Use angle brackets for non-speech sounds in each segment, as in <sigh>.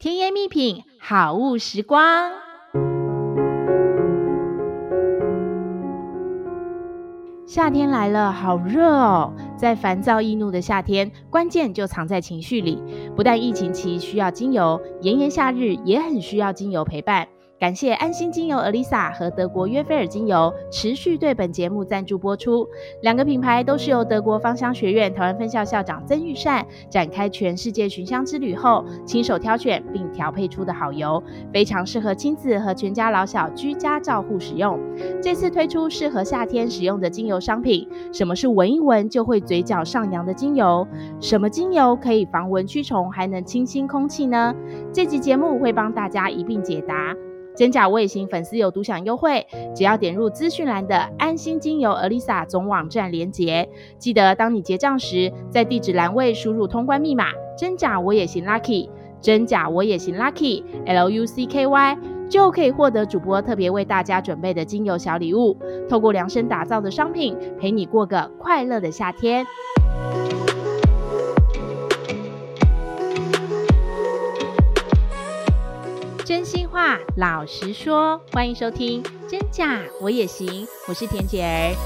甜言蜜品，好物時光。夏天來了，好熱哦！在煩躁易怒的夏天，關鍵就藏在情緒裡。不但疫情期需要精油，炎炎夏日也很需要精油陪伴。感謝安心精油 Alysa 和德國約菲爾精油持續對本節目贊助播出。兩個品牌都是由德國芳香學院台灣分校校長曾鈺善展開全世界尋香之旅後，親手挑選並調配出的好油，非常適合親子和全家老小居家照護使用。這次推出適合夏天使用的精油商品。什麼是聞一聞就會嘴角上揚的精油？什麼精油可以防蚊驅蟲，還能清新空氣呢？這集節目會幫大家一併解答。真假我也行粉絲有獨享優惠，只要點入資訊欄的安心精油 Alysa 總網站連結，記得當你結賬時，在地址欄位輸入通關密碼真假我也行 Lucky，真假我也行 Lucky L U C K Y，就可以獲得主播特別為大家準備的精油小禮物，透過量身打造的商品，陪你過個快樂的夏天。真心話，老實說，歡迎收聽真假我也行，我是恬姐兒。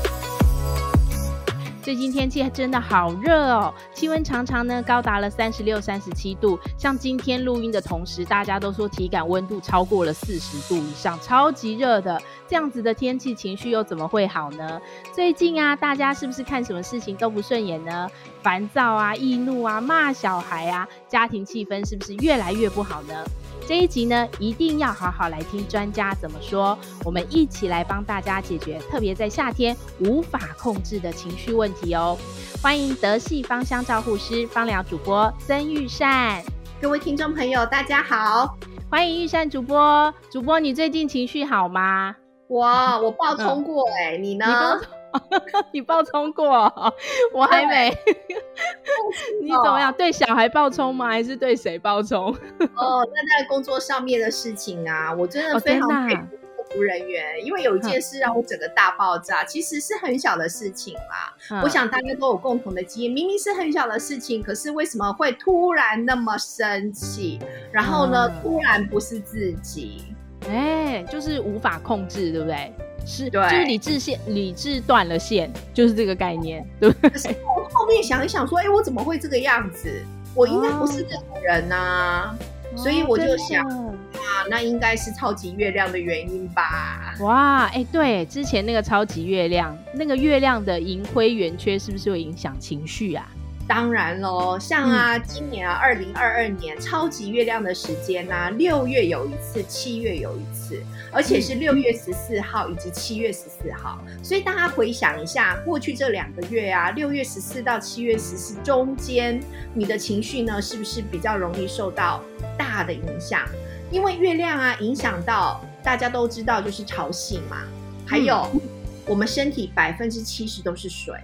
最近天氣真的好熱哦，氣溫常常呢高達了三十六、三十七度，像今天錄音的同時，大家都說體感溫度超過了四十度以上，超級熱的。這樣子的天氣，情緒又怎麼會好呢？最近啊，大家是不是看什麼事情都不順眼呢？煩躁啊，易怒啊，罵小孩啊，家庭氣氛是不是越來越不好呢？這一集呢，一定要好好來聽專家怎麼說。我們一起來幫大家解決特別在夏天無法控制的情緒問題哦。歡迎德系芳香照護師、芳療主播曾鈺善，各位聽眾朋友，大家好，歡迎鈺善主播。主播，你最近情緒好嗎？哇，我爆衝過哎、欸嗯，你呢？你 <laughs> 你爆衝過、喔，我還沒。 <laughs> 你怎麼樣？對小孩爆衝嗎？還是對誰爆衝？哦，那、 <laughs> 呃、在工作上面的事情啊，我真的非常佩服客服人員、哦，因為有一件事讓我整個大爆炸。嗯、其實是很小的事情嘛，嗯、我想大家都有共同的經驗。明明是很小的事情，可是為什麼會突然那麼生氣？然後呢、嗯，突然不是自己，哎、欸，就是無法控制，對不對？是對，就是理智線，理智斷了線，就是這個概念，對不對？可是我後面想一想，說，哎，我怎麼會這個樣子？我應該不是這種人吶、啊啊。所以我就想啊，啊，那應該是超級月亮的原因吧？哇，哎，對，之前那個超級月亮，那個月亮的盈虧圓缺，是不是會影響情緒啊？當然嘍，像啊、嗯，今年啊，二零二二年超級月亮的時間啊，六月有一次，七月有一次，而且是六月十四號以及七月十四號、嗯。所以大家回想一下，過去這兩個月啊，六月十四到七月十四中間，你的情緒呢，是不是比較容易受到大的影響？因為月亮啊，影響到大家都知道就是潮汐嘛，還有、嗯、我們身體百分之七十都是水。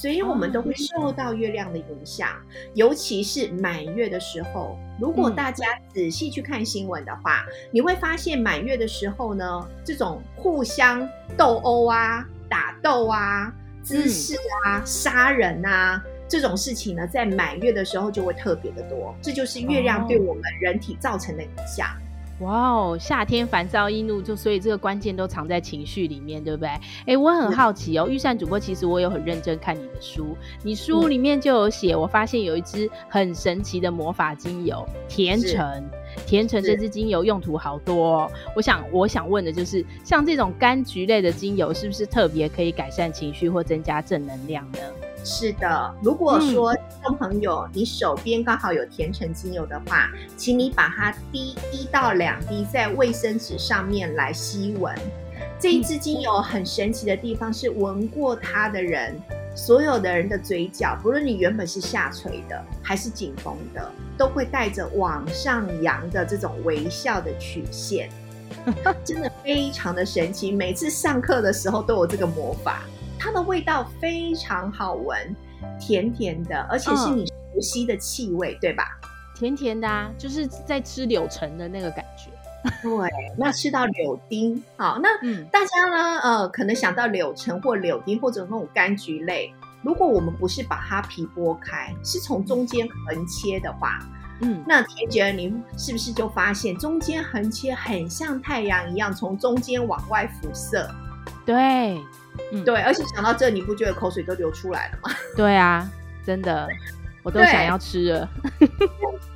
所以，我們都會受到月亮的影響、哦，尤其是滿月的時候。如果大家仔細去看新聞的話、嗯，你會發現滿月的時候呢，這種互相鬥毆啊、打鬥啊、滋事啊、嗯、殺人啊這種事情呢，在滿月的時候就會特別的多。這就是月亮對我們人體造成的影響。哦。哇哦，夏天煩躁易怒，就所以這個關鍵都藏在情緒裡面，對不對？哎、欸，我很好奇哦，鈺、嗯、善主播，其實我有很認真看你的書，你書裡面就有寫、嗯，我發現有一支很神奇的魔法精油，甜橙，甜橙這支精油用途好多哦。哦。我想，我想問的就是，像這種柑橘類的精油，是不是特別可以改善情緒或增加正能量呢？是的，如果說聽眾朋友、嗯、你手邊剛好有甜橙精油的話，請你把它滴一到兩滴在衛生紙上面來吸聞。這一支精油很神奇的地方是，聞過它的人，所有的人的嘴角，不論你原本是下垂的還是緊繃的，都會帶着往上揚的這種微笑的曲線，真的非常的神奇。每次上課的時候都有這個魔法。它的味道非常好聞，甜甜的，而且是你熟悉的氣味、嗯，對吧？甜甜的，啊，就是在吃柳橙的那個感覺。對，那吃到柳丁， <laughs> 好，那大家呢、嗯，呃，可能想到柳橙或柳丁，或者那種柑橘類。如果我們不是把它皮剝開，是從中間橫切的話，嗯，那恬姐您是不是就發現中間橫切很像太陽一樣，從中間往外輻射？對。嗯，對，而且講到這，你不覺得口水都流出來了嗎？對啊，真的，我都想要吃了。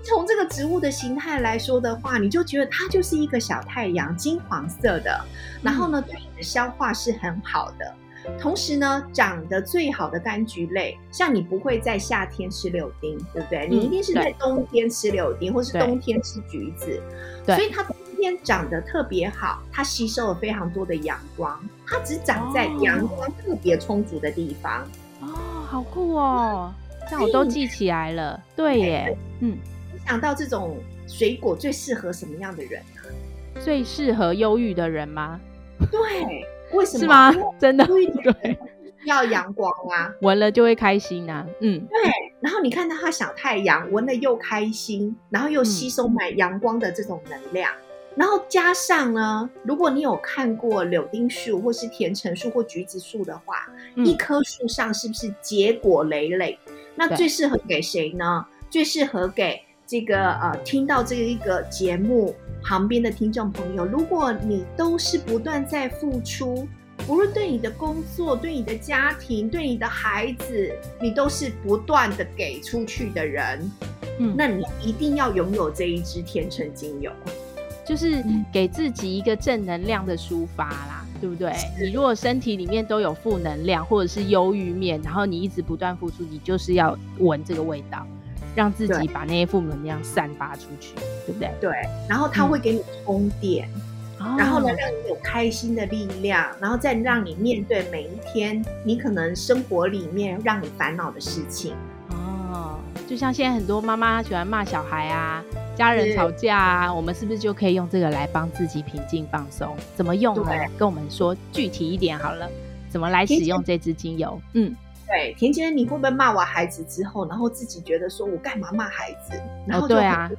從這個植物的形態來說的話， <laughs> 你就覺得它就是一個小太陽，金黃色的。然後呢，對你的消化是很好的。同時呢，長得最好的柑橘類，像你不會在夏天吃柳丁，對不對？你一定是在冬天吃柳丁，嗯，或是冬天吃橘子。所以它天長得特別好，它吸收了非常多的陽光，它只長在陽光特別充足的地方。哦，哦好酷哦！這、嗯、樣我都記起來了。嗯、對耶，哎、對嗯。你想到這種水果最適合什麼樣的人呢？最適合憂鬱的人嗎？對，為什麼？是嗎？真的？要陽光啊，聞了就會開心啊。嗯，對。然後你看到它小太陽，聞了又開心，然後又吸收滿陽光的這種能量。嗯然後加上呢，如果你有看過柳丁樹，或是甜橙樹或橘子樹的話，嗯，一棵樹上是不是結果累累？那最適合給誰呢？最適合給這個呃，聽到這個一個節目旁邊的聽眾朋友，如果你都是不斷在付出，無論對你的工作、對你的家庭、對你的孩子，你都是不斷的給出去的人，嗯，那你一定要擁有這一支甜橙精油。就是給自己一個正能量的抒發啦，對不對？你如果身體裡面都有負能量或者是憂鬱面，然後你一直不斷付出，你就是要聞這個味道，讓自己把那些負能量散發出去，對不對？對。然後它會給你充電，嗯、然後呢讓你有開心的力量，然後再讓你面對每一天你可能生活裡面讓你煩惱的事情。哦，就像現在很多媽媽喜歡罵小孩啊。家人吵架啊，啊，我們是不是就可以用這個來幫自己平靜放鬆？怎麼用呢？跟我們說具體一點好了，怎麼來使用這支精油？嗯，對，恬姐，你會不會罵完孩子之後，然後自己覺得說我幹嘛罵孩子？然後、哦、對啊，自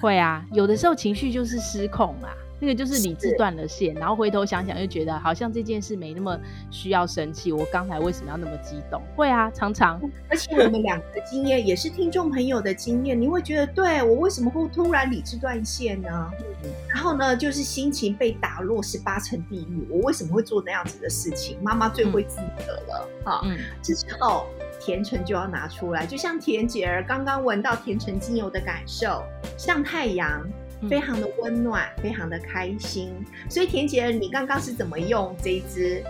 會啊，有的時候情緒就是失控啊。那個就是理智斷了線，然後回頭想想，就覺得好像這件事沒那麼需要生氣、嗯。我剛才為什麼要那麼激動、嗯？會啊，常常。而且我們兩個的經驗也是聽眾朋友的經驗，你會覺得，對我為什麼會突然理智斷線呢、嗯？然後呢，就是心情被打落十八層地獄。我為什麼會做那樣子的事情？媽媽最會自責了啊！這時候甜橙就要拿出來，就像恬姐兒剛剛聞到甜橙精油的感受，像太陽。非常的溫暖、嗯，非常的開心。所以恬姐，你剛剛是怎麼用這一支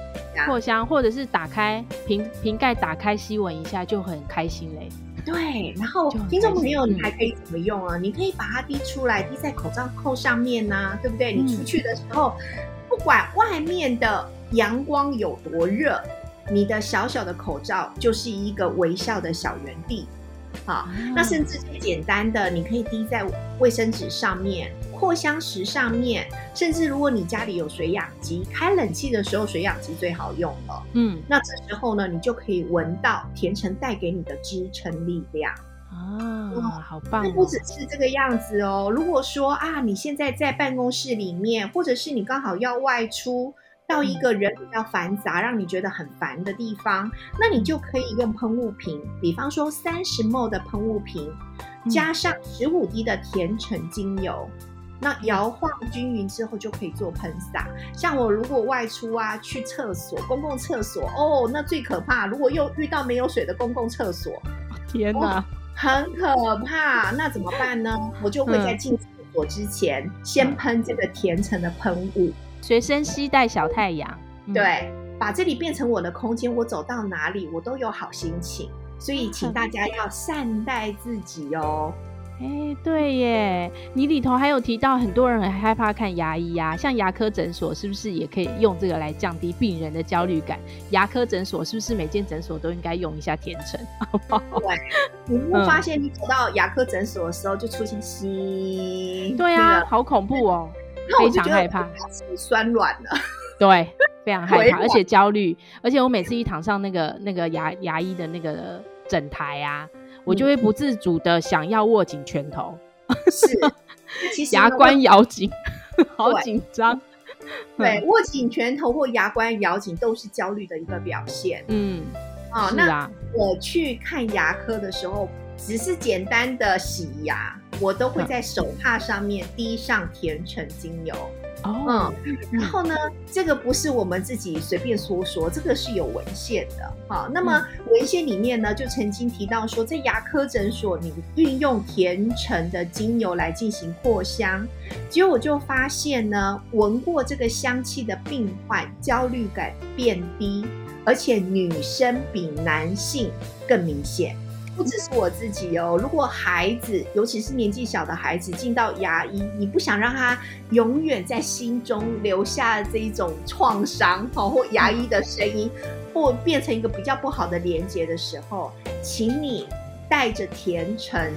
擴香，或者是打開瓶瓶蓋，打開吸聞一下就很開心嘞？對，然後聽眾朋友，你還可以怎麼用啊、嗯？你可以把它滴出來，滴在口罩扣上面呢、啊，對不對？你出去的時候，嗯、不管外面的陽光有多熱，你的小小的口罩就是一個微笑的小圓地。好、啊，那甚至最簡單的，你可以滴在衛生紙上面、擴香石上面，甚至如果你家裡有水氧機，開冷氣的時候，水氧機最好用了。嗯，那這時候呢，你就可以聞到甜橙帶給你的支撐力量。啊，哇好棒、哦！不只是這個樣子哦。如果說啊，你現在在辦公室裡面，或者是你剛好要外出。到、嗯、一個人比較繁雜，讓你覺得很煩的地方，那你就可以用噴霧瓶，比方說三十 ml 的噴霧瓶，加上十五滴的甜橙精油，嗯、那搖晃均勻之後就可以做噴灑。像我如果外出啊，去廁所，公共廁所，哦，那最可怕，如果又遇到沒有水的公共廁所，天哪！啊哦，很可怕，那怎麼辦呢？我就會在進廁所之前，嗯、先噴這個甜橙的噴霧。隨身攜帶小太陽，對、嗯，把這裡變成我的空間，我走到哪裡我都有好心情，所以請大家要善待自己哦。哎、啊，對耶，你裡頭還有提到很多人很害怕看牙醫呀、啊。像牙科診所是不是也可以用這個來降低病人的焦慮感？牙科診所是不是每間診所都應該用一下甜橙，好不好？你會發現你走到牙科診所的時候就出現吸？對呀、啊，好恐怖哦。非常害怕，自己酸軟了。對，非常害怕， <laughs> 而且焦慮。而且我每次一躺上那個 <laughs> 那個牙牙醫的那個整台啊，嗯，我就會不自主的想要握緊拳頭， <laughs> 是，其實牙關咬緊，好緊張，嗯。對，握緊拳頭或牙關咬緊都是焦慮的一個表現。嗯，哦，啊，那我去看牙科的時候。只是簡單的洗牙，我都會在手帕上面滴上甜橙精油。哦，嗯，然後呢，這個不是我們自己隨便說說，這個是有文獻的。好，啊，那麼文獻裡面呢，就曾經提到說，在牙科診所你運用甜橙的精油來進行擴香，結果我就發現呢，聞過這個香氣的病患焦慮感變低，而且女生比男性更明顯。不只是我自己哦，如果孩子，尤其是年紀小的孩子進到牙醫，你不想讓他永遠在心中留下這一種創傷，好，或牙醫的聲音，或變成一個比較不好的連接的時候，請你帶着甜橙，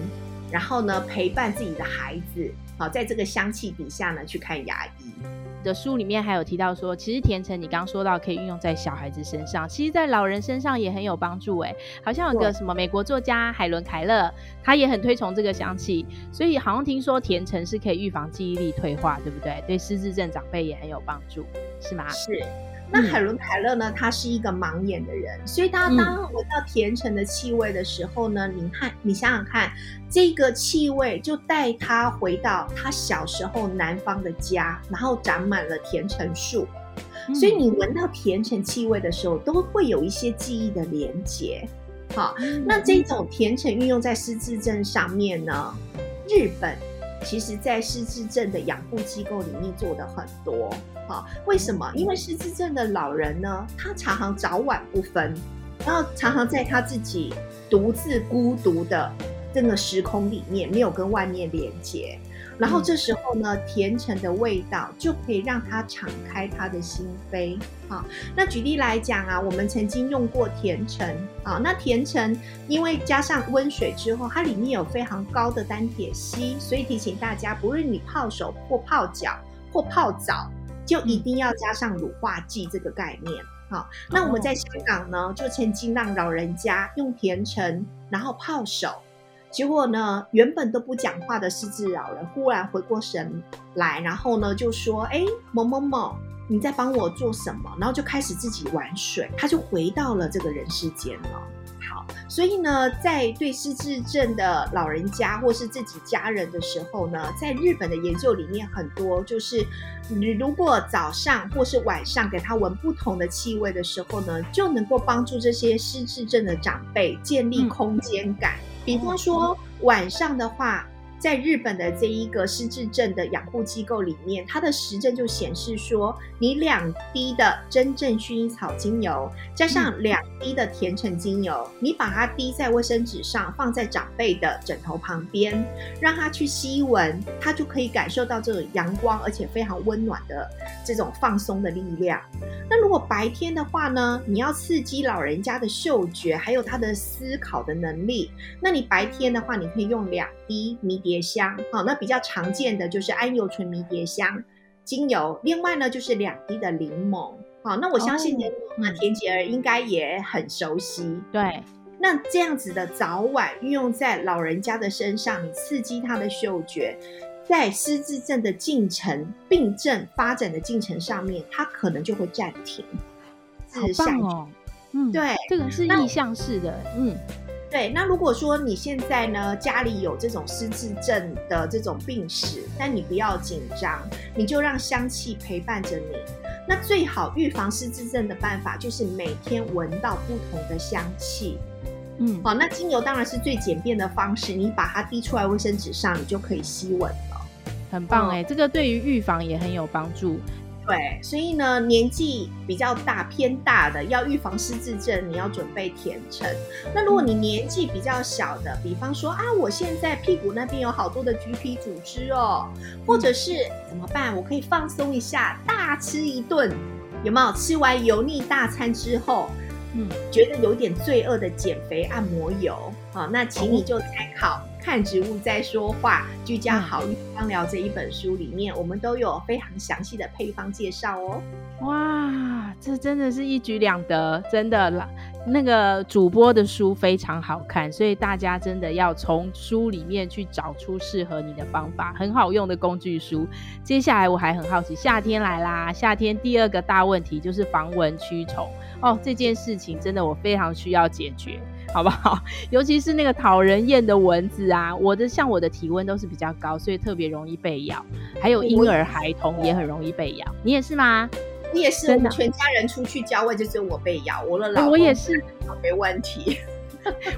然後呢，陪伴自己的孩子，好，在這個香氣底下呢，去看牙醫。的書裡面還有提到說，其實甜橙你剛說到可以運用在小孩子身上，其實在老人身上也很有幫助哎、欸，好像有個什麼美國作家海倫凱勒，他也很推崇這個香氣，所以好像聽說甜橙是可以預防記憶力退化，對不對？對失智症長輩也很有幫助，是嗎？是。那海倫凱勒呢、嗯？他是一個盲眼的人，所以他當聞到甜橙的氣味的時候呢、嗯，你看，你想想看，這個氣味就帶他回到他小時候南方的家，然後長滿了甜橙樹、嗯，所以你聞到甜橙氣味的時候，都會有一些記憶的連結。好，那這種甜橙運用在失智症上面呢？日本其實，在失智症的養護機構裡面做的很多。好、哦，為什麼？因為失智症的老人呢，他常常早晚不分，然後常常在他自己獨自孤獨的這個時空裡面，沒有跟外面連接。然後這時候呢，甜橙的味道就可以讓他敞開他的心扉。好、哦，那舉例來講啊，我們曾經用過甜橙。啊、哦，那甜橙因為加上溫水之後，它裡面有非常高的單萜烯，所以提醒大家，不論你泡手或泡腳或泡澡，就一定要加上乳化劑這個概念，好、嗯哦。那我們在香港呢，就曾經讓老人家用甜橙然後泡手，結果呢，原本都不講話的失智老人忽然回過神來，然後呢就說：“誒，某某某，你在幫我做什麼？”然後就開始自己玩水，他就回到了這個人世間了。好，所以呢，在對失智症的老人家或是自己家人的時候呢，在日本的研究裡面，很多就是，你如果早上或是晚上給他聞不同的氣味的時候呢，就能夠幫助這些失智症的長輩建立空間感。嗯。比方說晚上的話。在日本的這一個失智症的養護機構裡面，它的實證就顯示說，你兩滴的真正薰衣草精油加上兩滴的甜橙精油，嗯、你把它滴在衛生紙上，放在長輩的枕頭旁邊，讓他去吸聞，他就可以感受到這種陽光而且非常溫暖的這種放鬆的力量。那如果白天的話呢，你要刺激老人家的嗅覺，還有他的思考的能力，那你白天的話，你可以用兩滴迷迭。你點香、哦、那比較常見的就是桉油醇迷迭香精油，另外呢就是兩滴的檸檬。好、哦，那我相信檸檬、哦、嗯、啊、恬姐兒應該也很熟悉。對，那這樣子的早晚運用在老人家的身上，刺激他的嗅覺，在失智症的進程病症發展的進程上面，他可能就會暫停。自相哦，嗯，對，這個是意向式的，嗯。對，那如果說你現在呢家裡有這種失智症的這種病史，但你不要緊張，你就讓香氣陪伴着你。那最好預防失智症的辦法就是每天聞到不同的香氣。嗯，好，那精油當然是最簡便的方式，你把它滴出來衛生紙上，你就可以吸聞了。很棒哎、欸，這、哦、個對於預防也很有幫助。對，所以呢，年紀比較大、偏大的要預防失智症，你要準備甜橙。那如果你年紀比較小的，比方說啊，我現在屁股那邊有好多的橘皮組織哦，或者是怎麼辦？我可以放鬆一下，大吃一頓，有沒有？吃完油膩大餐之後，嗯，覺得有點罪惡的減肥按摩油，啊，那請你就參考。看植物在說話，居家好運芳療這一本書裡面，我們都有非常詳細的配方介紹哦。哇！這真的是一舉兩得，真的那個主播的書非常好看，所以大家真的要從書裡面去找出適合你的方法，很好用的工具書。接下來我還很好奇，夏天來啦，夏天第二個大問題就是防蚊驅蟲哦。這件事情真的我非常需要解決，好不好？尤其是那個討人厭的蚊子啊，我的像我的體溫都是比較高，所以特別容易被咬。還有嬰兒孩童也很容易被咬，你也是嗎？你也是，我們、啊、全家人出去郊外，就只有我被咬。我的老公，我也是，沒問題。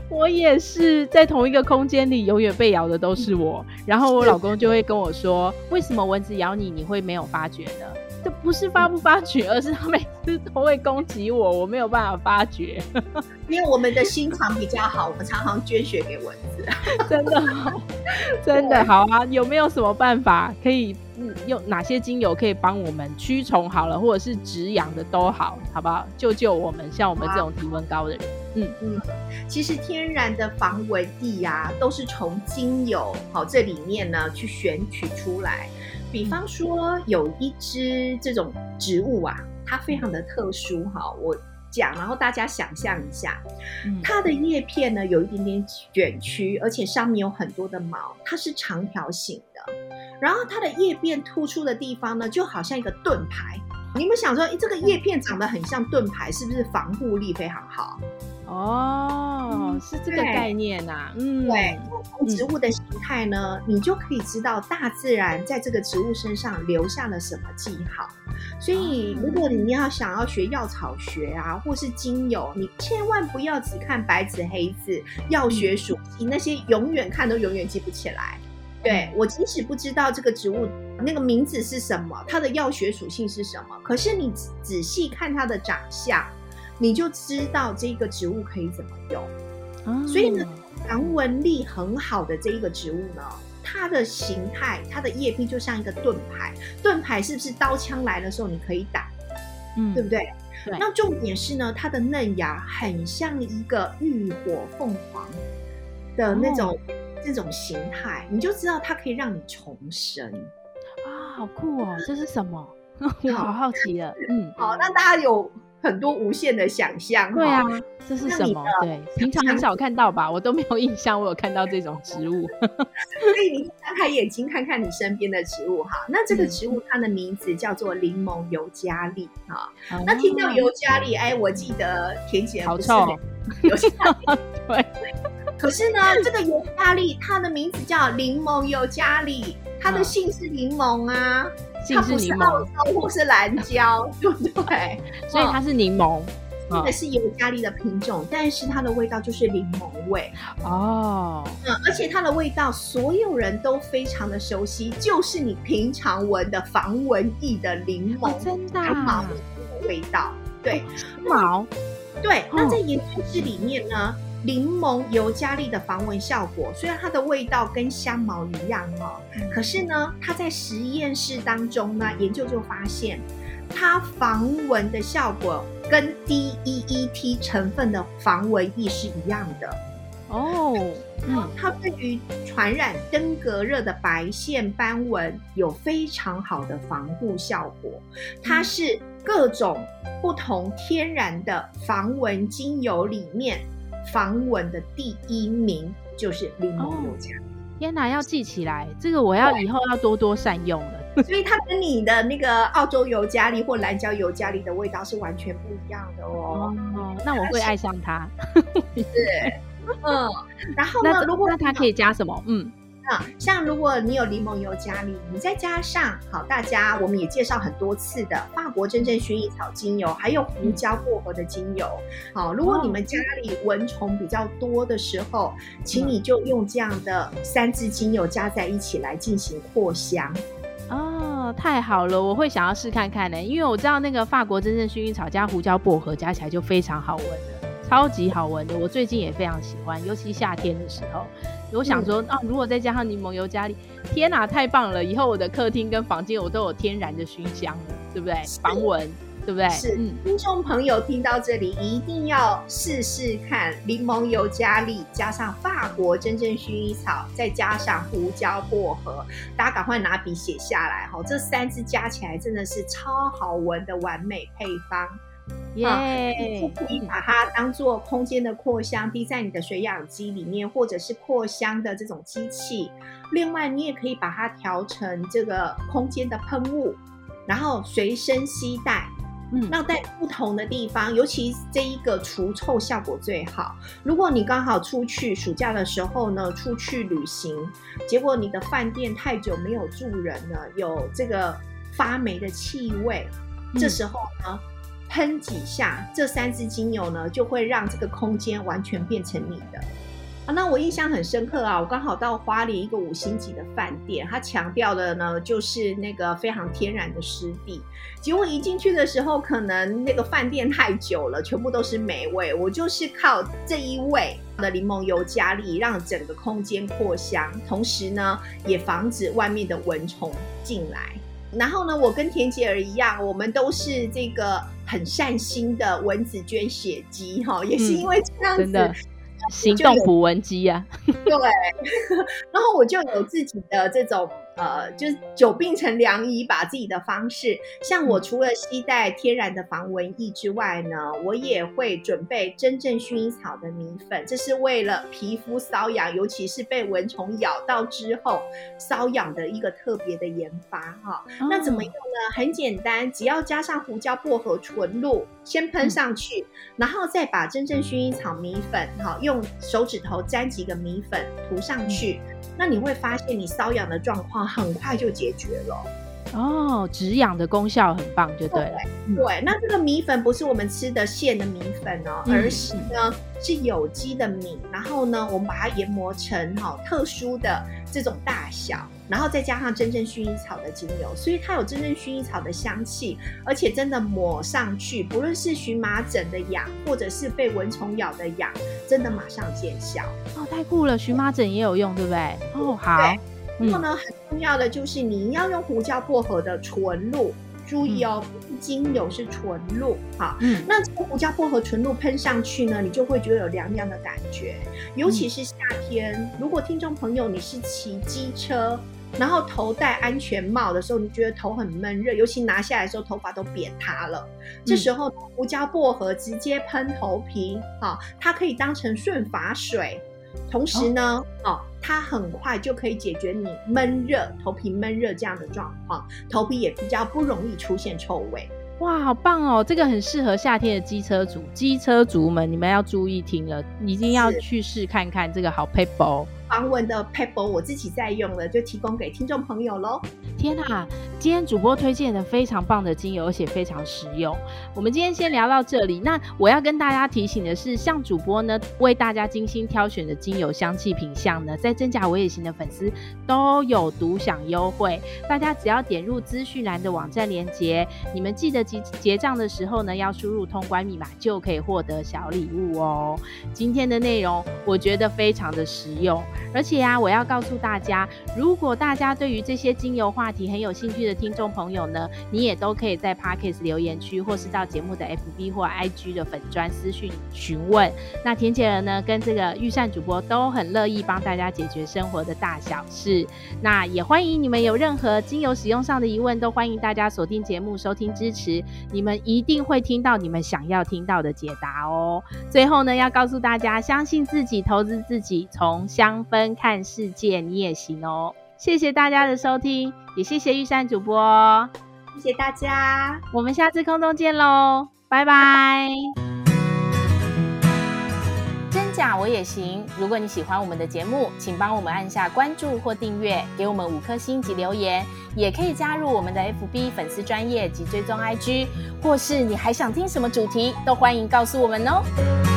我也是， <laughs> 我也是在同一個空間裡，永遠被咬的都是我。 <laughs> 然後我老公就會跟我說：“ <laughs> 為什麼蚊子咬你，你會沒有發覺呢？這不是發不發覺， <laughs> 而是他們。”都會攻擊我，我沒有辦法發覺。 <laughs> 因為我們的心腸比較好，我們常常捐血給蚊子， <laughs> 真的好，真的好啊！有沒有什麼辦法可以、嗯、用？哪些精油可以幫我們驅蟲？好了，或者是止癢的都好，好不好？救救我們，像我們這種體溫高的人。啊、嗯嗯，其實天然的防蚊劑啊，都是從精油好這裡面呢去選取出來。比方說，有一隻這種植物啊。它非常的特殊哈、哦，我講，然後大家想象一下，它的葉片呢有一點點卷曲，而且上面有很多的毛，它是長條形的，然後它的葉片突出的地方呢就好像一個盾牌，你們想說這個葉片長得很像盾牌，是不是防護力非常好？哦、oh, 嗯，是這個概念啊，嗯，對。從植物的形態呢、嗯，你就可以知道大自然在這個植物身上留下了什麼記號。所以，如果你要想要學藥草學啊、嗯，或是精油，你千萬不要只看白紙黑字藥學屬性、嗯、那些，永遠看都永遠記不起來。對、嗯、我，即使不知道這個植物那個名字是什麼，它的藥學屬性是什麼，可是你仔細看它的長相。你就知道這個植物可以怎麼用，啊、所以呢，防、嗯、蚊力很好的這一個植物呢，它的形態，它的葉片就像一個盾牌，盾牌是不是刀槍來的時候你可以打，嗯，對不對？對。那重點是呢，它的嫩芽很像一個浴火鳳凰的那種、哦、這種形態，你就知道它可以讓你重生。啊、哦，好酷哦！這是什麼？我 <laughs> 好好奇了。嗯。好，嗯、好那大家有。很多無限的想象，對啊，這是什麼？對，平常很少看，看到吧？我都沒有印象，我有看到這種植物。 <laughs> 所以你睜開眼睛看看你身邊的植物哈。那這個植物它的名字叫做檸檬尤加利哈、嗯。那聽到尤加利，哎、嗯欸，我記得恬姐不是尤加 <laughs> 對， <laughs> 對？可是呢，這個尤加利它的名字叫檸檬尤加利，它的姓是檸檬啊。嗯。它不是澳洲，不是藍膠，對 <laughs> 不對？所以它是檸檬，那、嗯、是尤加利的品種、哦，但是它的味道就是檸檬味哦。嗯，而且它的味道所有人都非常的熟悉，就是你平常聞的防蚊液的檸檬、香、哦、茅的、啊、的味道。對，茅、嗯、對，那、哦、在研究室裡面呢？檸檬尤加利的防蚊效果，雖然它的味道跟香茅一樣哦，可是呢，它在實驗室當中呢，研究就發現，它防蚊的效果跟 DEET 成分的防蚊液是一樣的哦。嗯，它對於傳染登革熱的白線斑蚊有非常好的防護效果。它是各種不同天然的防蚊精油裡面。防蚊的第一名就是檸檬尤加利、哦、天哪，要記起來，這個我要以後要多多善用了。所以它跟你的那個澳洲尤加利或藍膠尤加利的味道是完全不一樣的哦。嗯嗯嗯嗯嗯嗯、那我會愛上它。是， <laughs> 嗯， <laughs> 嗯 <laughs> 然後呢，如果那它可以加什麼？嗯。那像如果你有檸檬尤加利，你再加上好，大家我們也介紹很多次的法國真正薰衣草精油，還有胡椒薄荷的精油。好，如果你們家裡蚊蟲比較多的時候，請你就用這樣的三支精油加在一起來進行擴香。哦，太好了，我會想要試看看呢、欸，因為我知道那個法國真正薰衣草加胡椒薄荷加起來就非常好聞了。超級好聞的，我最近也非常喜歡，尤其夏天的時候，我想說啊、嗯哦，如果再加上檸檬尤加利，天哪、啊，太棒了！以後我的客廳跟房間我都有天然的燻香了，對不對？防蚊，對不對？是、嗯，是，聽眾朋友聽到這裡一定要試試看，檸檬尤加利，加上法國真正薰衣草，再加上胡椒薄荷，大家趕快拿筆寫下來哈，這三支加起來真的是超好聞的完美配方。Yeah, 啊，你可，可以把它當做空間的擴香，滴、嗯、在你的水氧機裡面，或者是擴香的這種機器。另外，你也可以把它調成這個空間的噴霧，然後隨身攜帶。嗯，那在不同的地方，尤其這一個除臭效果最好。如果你剛好出去暑假的時候呢，出去旅行，結果你的飯店太久沒有住人了，有這個發霉的氣味、嗯，這時候呢。噴幾下，這三支精油呢，就會讓這個空間完全變成你的。好、啊，那我印象很深刻啊，我剛好到花蓮一個五星級的飯店，它強調的呢就是那個非常天然的濕地。結果一進去的時候，可能那個飯店太久了，全部都是霉味。我就是靠這一味的檸檬尤加利，讓整個空間擴香，同時呢也防止外面的蚊蟲進來。然後呢，我跟恬姐兒一樣，我們都是這個。很善心的蚊子捐血機哈，也是因為這樣子，行、嗯、動捕蚊機啊， <laughs> 對，然後我就有自己的這種。呃，就是久病成良醫，把自己的方式，像我除了攜帶天然的防蚊液之外呢，我也會準備真正薰衣草的米粉，這是為了皮膚瘙癢，尤其是被蚊蟲咬到之後瘙癢的一個特別的研發哈、哦哦。那怎麼用呢？很簡單，只要加上胡椒薄荷純露，先噴上去、嗯，然後再把真正薰衣草米粉哈、哦，用手指頭沾幾個米粉塗上去、嗯，那你會發現你瘙癢的狀況。很快就解決了哦，止癢的功效很棒就，就對。對，那這個米粉不是我們吃的線的米粉哦，嗯、而是呢是有機的米，然後呢我們把它研磨成哈、哦、特殊的這種大小，然後再加上真正薰衣草的精油，所以它有真正薰衣草的香氣，而且真的抹上去，不論是蕁麻疹的癢，或者是被蚊蟲咬的癢，真的馬上見效。哦，太酷了，蕁麻疹也有用，對不對？對哦，好。嗯、然後呢，很重要的就是你要用胡椒薄荷的純露，注意哦，不、嗯、是精油，是純露。好、嗯，那這個胡椒薄荷純露噴上去呢，你就會覺得有涼涼的感覺。尤其是夏天、嗯，如果聽眾朋友你是騎機車，然後頭戴安全帽的時候，你覺得頭很悶熱，尤其拿下來的時候頭髮都扁塌了。嗯、這時候胡椒薄荷直接噴頭皮，啊、哦，它可以當成順髮水，同時呢，好、哦哦它很快就可以解決你悶熱、頭皮悶熱這樣的狀況，頭皮也比較不容易出現臭味。哇，好棒哦！這個很適合夏天的機車族。機車族們，你們要注意聽了，一定要去試看看這個好撇步，防蚊的撇步，我自己在用了，就提供給聽眾朋友嘍。天啊！今天主播推薦的非常棒的精油，而且非常實用。我們今天先聊到這裡。那我要跟大家提醒的是，像主播呢，為大家精心挑選的精油香氣品相呢，在真假我也行的粉絲都有獨享優惠。大家只要點入資訊欄的網站連結，你們記得結結賬的時候呢，要輸入通關密碼，就可以獲得小禮物哦。今天的內容我覺得非常的實用，而且啊，我要告訴大家，如果大家對於這些精油話題很有興趣。的聽眾朋友呢，你也都可以在 Podcast 留言區，或是到節目的 FB 或 IG 的粉專私訊詢問。那恬姐兒呢，跟這個鈺善主播都很樂意幫大家解決生活的大小事。那也歡迎你們有任何精油使用上的疑問，都歡迎大家鎖定節目收聽支持，你們一定會聽到你們想要聽到的解答哦。最後呢，要告訴大家，相信自己，投資自己，從香氛看世界，你也行哦。謝謝大家的收聽，也謝謝鈺善主播哦，謝謝大家，我們下次空中見嘍，拜拜。真假我也行。如果你喜歡我們的節目，請幫我們按下關注或訂閱，給我們五顆星及留言，也可以加入我們的 FB 粉絲專頁及追蹤 IG，或是你還想聽什麼主題，都歡迎告訴我們哦。